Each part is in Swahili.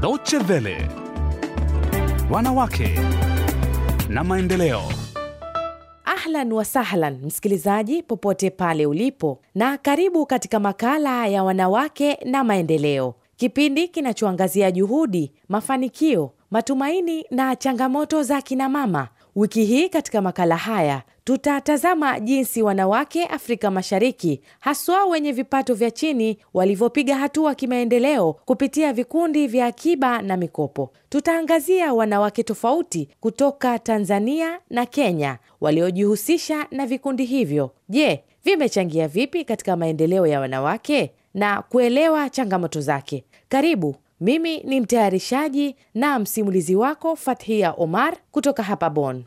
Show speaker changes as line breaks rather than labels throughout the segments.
Deutsche Welle, wanawake na maendeleo. Ahlan wa sahlan, msikilizaji popote pale ulipo, na karibu katika makala ya wanawake na maendeleo, kipindi kinachoangazia juhudi, mafanikio, matumaini na changamoto za kinamama Wiki hii katika makala haya tutatazama jinsi wanawake Afrika Mashariki, haswa wenye vipato vya chini, walivyopiga hatua kimaendeleo kupitia vikundi vya akiba na mikopo. Tutaangazia wanawake tofauti kutoka Tanzania na Kenya waliojihusisha na vikundi hivyo. Je, vimechangia vipi katika maendeleo ya wanawake na kuelewa changamoto zake? Karibu. Mimi ni mtayarishaji na msimulizi wako Fathia Omar kutoka hapa bon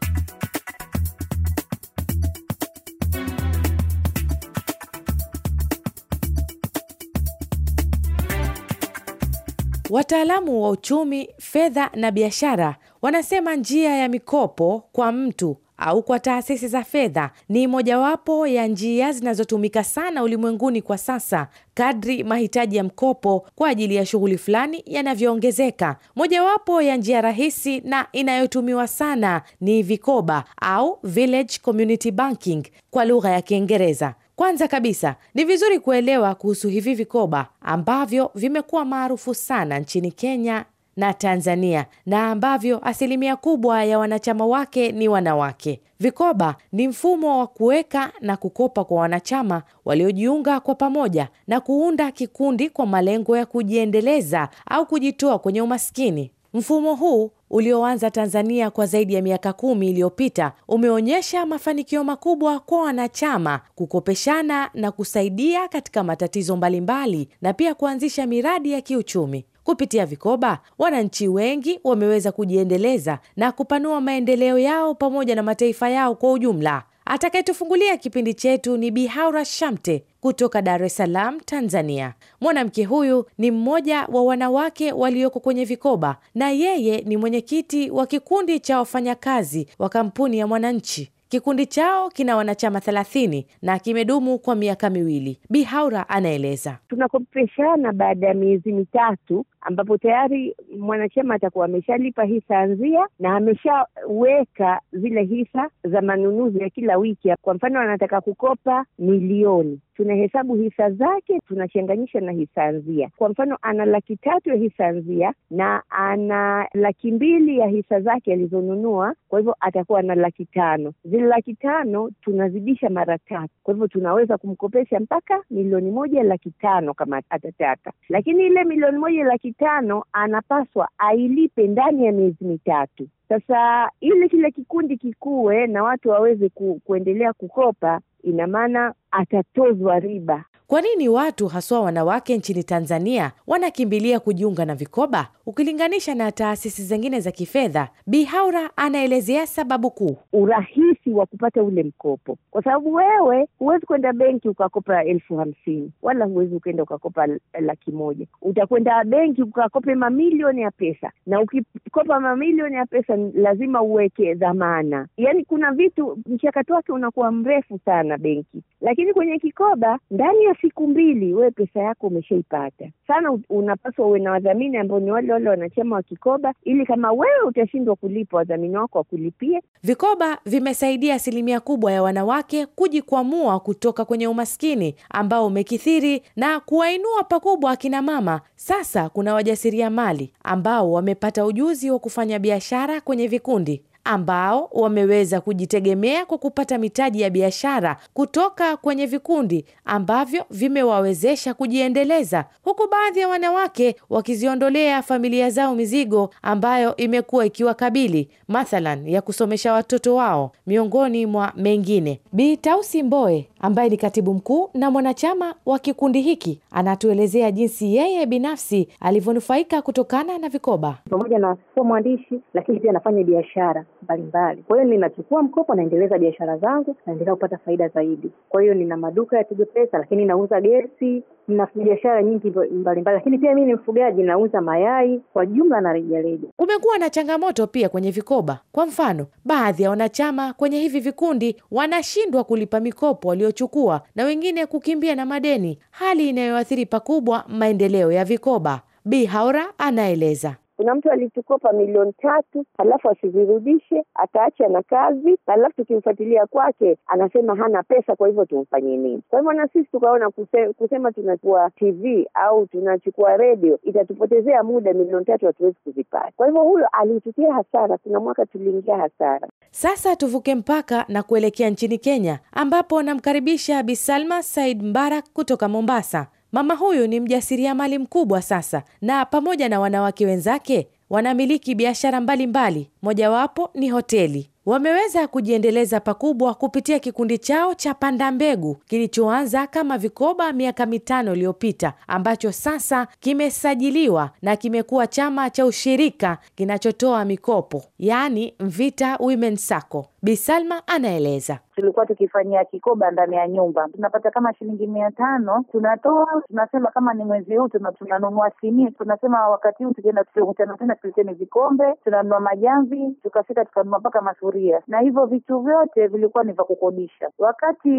Wataalamu wa uchumi, fedha na biashara wanasema njia ya mikopo kwa mtu au kwa taasisi za fedha ni mojawapo ya njia zinazotumika sana ulimwenguni kwa sasa kadri mahitaji ya mkopo kwa ajili ya shughuli fulani yanavyoongezeka. Mojawapo ya njia rahisi na inayotumiwa sana ni vikoba au village community banking kwa lugha ya Kiingereza. Kwanza kabisa ni vizuri kuelewa kuhusu hivi vikoba ambavyo vimekuwa maarufu sana nchini Kenya na Tanzania na ambavyo asilimia kubwa ya wanachama wake ni wanawake. Vikoba ni mfumo wa kuweka na kukopa kwa wanachama waliojiunga kwa pamoja na kuunda kikundi kwa malengo ya kujiendeleza au kujitoa kwenye umaskini. Mfumo huu ulioanza Tanzania kwa zaidi ya miaka kumi iliyopita umeonyesha mafanikio makubwa kwa wanachama kukopeshana na kusaidia katika matatizo mbalimbali na pia kuanzisha miradi ya kiuchumi. Kupitia vikoba, wananchi wengi wameweza kujiendeleza na kupanua maendeleo yao pamoja na mataifa yao kwa ujumla. Atakayetufungulia kipindi chetu ni Bihaura Shamte kutoka Dar es Salaam, Tanzania. Mwanamke huyu ni mmoja wa wanawake walioko kwenye vikoba na yeye ni mwenyekiti wa kikundi cha wafanyakazi wa kampuni ya Mwananchi. Kikundi chao kina wanachama thelathini na kimedumu kwa miaka miwili. Bihaura anaeleza.
Tunakopeshana baada ya miezi mitatu ambapo tayari mwanachama atakuwa ameshalipa hisa anzia na ameshaweka zile hisa za manunuzi ya kila wiki. Kwa mfano, anataka kukopa milioni, tunahesabu hisa zake, tunachanganyisha na hisa anzia. Kwa mfano, ana laki tatu ya hisa anzia na ana laki mbili ya hisa zake alizonunua, kwa hivyo atakuwa na laki tano. Zile laki tano tunazidisha mara tatu, kwa hivyo tunaweza kumkopesha mpaka milioni moja laki tano kama atataka, lakini ile milioni moja laki mitano anapaswa ailipe ndani ya miezi mitatu. Sasa ili kile kikundi kikuwe na watu waweze ku, kuendelea kukopa, ina maana atatozwa riba.
Kwa nini watu haswa wanawake nchini Tanzania wanakimbilia kujiunga na vikoba ukilinganisha na taasisi zingine za kifedha? bihaura anaelezea sababu kuu:
urahisi wa kupata ule mkopo, kwa sababu wewe huwezi kwenda benki ukakopa elfu hamsini wala huwezi ukenda ukakopa laki moja. Utakwenda benki ukakope mamilioni ya pesa, na ukikopa mamilioni ya pesa lazima uweke dhamana. Yaani kuna vitu mchakato wake unakuwa mrefu sana benki, lakini lakini kwenye kikoba ndani ya siku mbili wewe pesa yako umeshaipata. Sana unapaswa uwe na wadhamini ambao ni wale wale wanachama wa kikoba, ili kama wewe utashindwa kulipa wadhamini wako wakulipie.
Vikoba vimesaidia asilimia kubwa ya wanawake kujikwamua kutoka kwenye umaskini ambao umekithiri na kuwainua pakubwa akina mama. Sasa kuna wajasiria mali ambao wamepata ujuzi wa kufanya biashara kwenye vikundi ambao wameweza kujitegemea kwa kupata mitaji ya biashara kutoka kwenye vikundi ambavyo vimewawezesha kujiendeleza, huku baadhi ya wanawake wakiziondolea familia zao mizigo ambayo imekuwa ikiwakabili, mathalan ya kusomesha watoto wao, miongoni mwa mengine. Bi Tausi Mboe ambaye ni katibu mkuu na mwanachama wa kikundi hiki, anatuelezea jinsi yeye binafsi alivyonufaika kutokana na vikoba. Pamoja na kuwa mwandishi,
lakini pia anafanya biashara mbalimbali. Kwa hiyo ninachukua mkopo, naendeleza biashara zangu, naendelea kupata faida zaidi. Kwa hiyo nina maduka ya Tigo Pesa, lakini nauza gesi nafanya biashara nyingi mbalimbali, lakini pia mimi ni mfugaji, nauza mayai kwa jumla na rejareja.
Kumekuwa na changamoto pia kwenye vikoba. Kwa mfano, baadhi ya wanachama kwenye hivi vikundi wanashindwa kulipa mikopo waliochukua na wengine kukimbia na madeni, hali inayoathiri pakubwa maendeleo ya vikoba. Bi Haura anaeleza.
Kuna mtu alitukopa milioni tatu halafu asizirudishe akaacha na kazi, alafu tukimfuatilia kwake anasema hana pesa, kwa hivyo tumfanye nini? Kwa hivyo na sisi tukaona kuse, kusema tunachukua TV au tunachukua redio itatupotezea muda, milioni tatu hatuwezi kuzipata. Kwa hivyo huyo alitutia hasara, kuna mwaka tuliingia hasara.
Sasa tuvuke mpaka na kuelekea nchini Kenya ambapo namkaribisha Bi Salma Said Mbarak kutoka Mombasa. Mama huyu ni mjasiriamali mkubwa sasa, na pamoja na wanawake wenzake wanamiliki biashara mbalimbali, mojawapo ni hoteli. Wameweza kujiendeleza pakubwa kupitia kikundi chao cha Panda Mbegu kilichoanza kama vikoba miaka mitano iliyopita, ambacho sasa kimesajiliwa na kimekuwa chama cha ushirika kinachotoa mikopo, yaani Mvita Women Sacco. Bi Salma anaeleza
tulikuwa tukifanyia kikoba ndani ya nyumba, tunapata kama shilingi mia tano tunatoa, tunasema kama ni mwezi huu tunanunua sinia, tunasema wakati huu tukienda tukikutana tena tuliteni vikombe, tunanunua majamvi, tukafika tukanunua mpaka masuria, na hivyo vitu vyote vilikuwa ni vya kukodisha. Wakati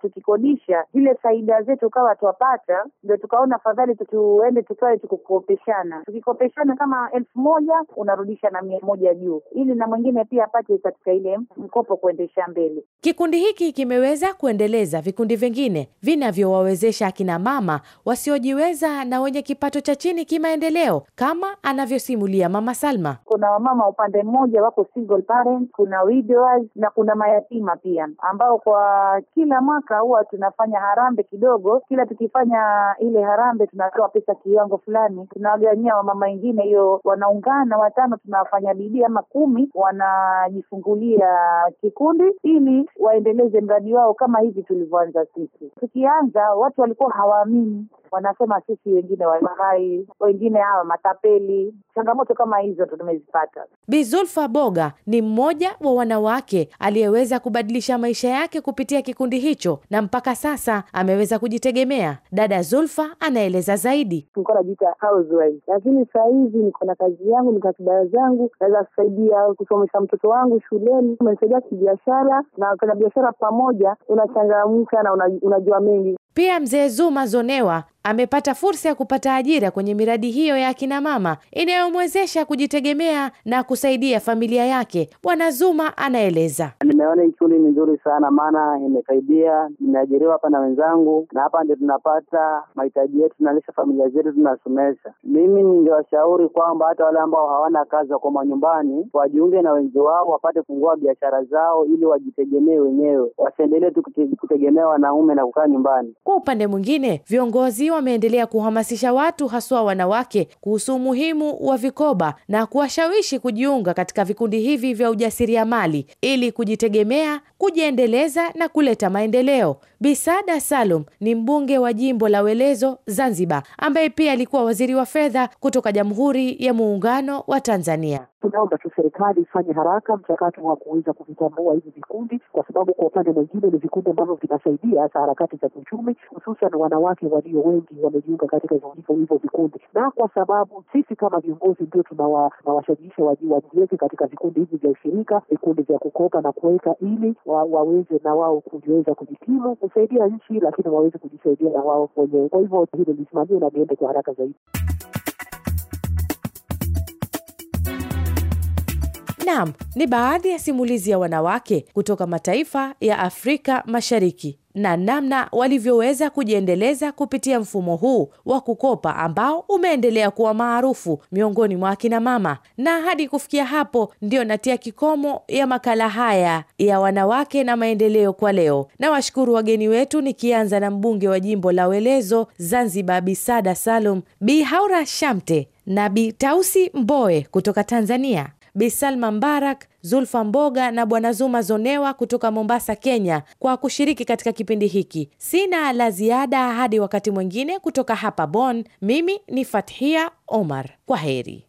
tukikodisha zile faida zetu ukawa twapata, ndio tukaona fadhali tuende tukawe tukukopeshana tukikopeshana kama elfu moja unarudisha na mia moja juu, ili na mwingine pia apate katika ile mkopo kuendesha mbele.
Kikundi hiki kimeweza kuendeleza vikundi vingine vinavyowawezesha akina mama wasiojiweza na wenye kipato cha chini kimaendeleo, kama anavyosimulia Mama Salma.
Kuna wamama upande mmoja wako single parent, kuna widowers na kuna mayatima pia, ambao kwa kila mwaka huwa tunafanya harambe kidogo. Kila tukifanya ile harambe, tunatoa pesa kiwango fulani, tunawagania wamama wengine, hiyo wanaungana watano, tunawafanya bidii ama kumi, wanajifungulia kikundi ili ili waendeleze mradi wao kama hivi tulivyoanza sisi. Tukianza watu walikuwa hawaamini, wanasema sisi wengine walaghai, wengine hawa matapeli. Changamoto kama hizo ndo tumezipata.
Bizulfa Boga ni mmoja wa wanawake aliyeweza kubadilisha maisha yake kupitia kikundi hicho na mpaka sasa ameweza kujitegemea. Dada Zulfa anaeleza zaidi.
Nilikuwa najiita housewife, lakini saa hizi niko na kazi yangu, niko na zangu, naweza kusaidia kusomesha mtoto wangu shuleni, umenisaidia kibiashara na kana biashara pamoja, unachangamka na unajua mengi.
Pia mzee Zuma Zonewa amepata fursa ya kupata ajira kwenye miradi hiyo ya akina mama inayomwezesha kujitegemea na kusaidia familia yake. Bwana Zuma anaeleza:
nimeona hii shughuli ni nzuri sana, maana imesaidia. Nimeajiriwa hapa na wenzangu, na hapa ndio tunapata mahitaji yetu, tunalisha familia zetu, tunasomesha. Mimi ningewashauri kwamba hata wale ambao hawana kazi wako manyumbani wajiunge na wenzi wao, wapate kufungua biashara zao ili wajitegemee wenyewe, wasiendelee tu kutegemea wanaume na kukaa nyumbani.
Kwa upande mwingine viongozi wameendelea kuhamasisha watu haswa wanawake kuhusu umuhimu wa vikoba na kuwashawishi kujiunga katika vikundi hivi vya ujasiriamali ili kujitegemea kujiendeleza na kuleta maendeleo. Bisada Salum ni mbunge wa jimbo la Welezo Zanzibar, ambaye pia alikuwa waziri wa fedha kutoka Jamhuri ya Muungano wa Tanzania.
Tunaomba tu serikali ifanye haraka mchakato wa kuweza kuvitambua hivi vikundi, kwa sababu kwa upande mwingine ni vikundi ambavyo vinasaidia hasa harakati za kiuchumi, hususan wanawake walio wengi wamejiunga katika hivyo vikundi, na kwa sababu sisi kama viongozi ndio tunawashajiisha wajiweke katika vikundi hivi vya ushirika, vikundi vya kukopa na kuweka ili wa, waweze na wao kujiweza kujikimu kusaidia nchi, lakini waweze kujisaidia na wao wenyewe. Kwa hivyo hilo lisimamiwe na liende kwa haraka zaidi.
nam ni baadhi ya simulizi ya wanawake kutoka mataifa ya Afrika Mashariki na namna walivyoweza kujiendeleza kupitia mfumo huu wa kukopa ambao umeendelea kuwa maarufu miongoni mwa akina mama. Na hadi kufikia hapo, ndio natia kikomo ya makala haya ya wanawake na maendeleo kwa leo. Na washukuru wageni wetu, nikianza na mbunge wa jimbo la Welezo Zanzibar, Bisada Salum, Bi Haura Shamte na Bi Tausi Mboe kutoka Tanzania. Bisalma Mbarak, Zulfa Mboga na Bwana Zuma Zonewa kutoka Mombasa, Kenya, kwa kushiriki katika kipindi hiki. Sina la ziada hadi wakati mwingine. Kutoka hapa Bonn, mimi ni Fathia Omar, kwa heri.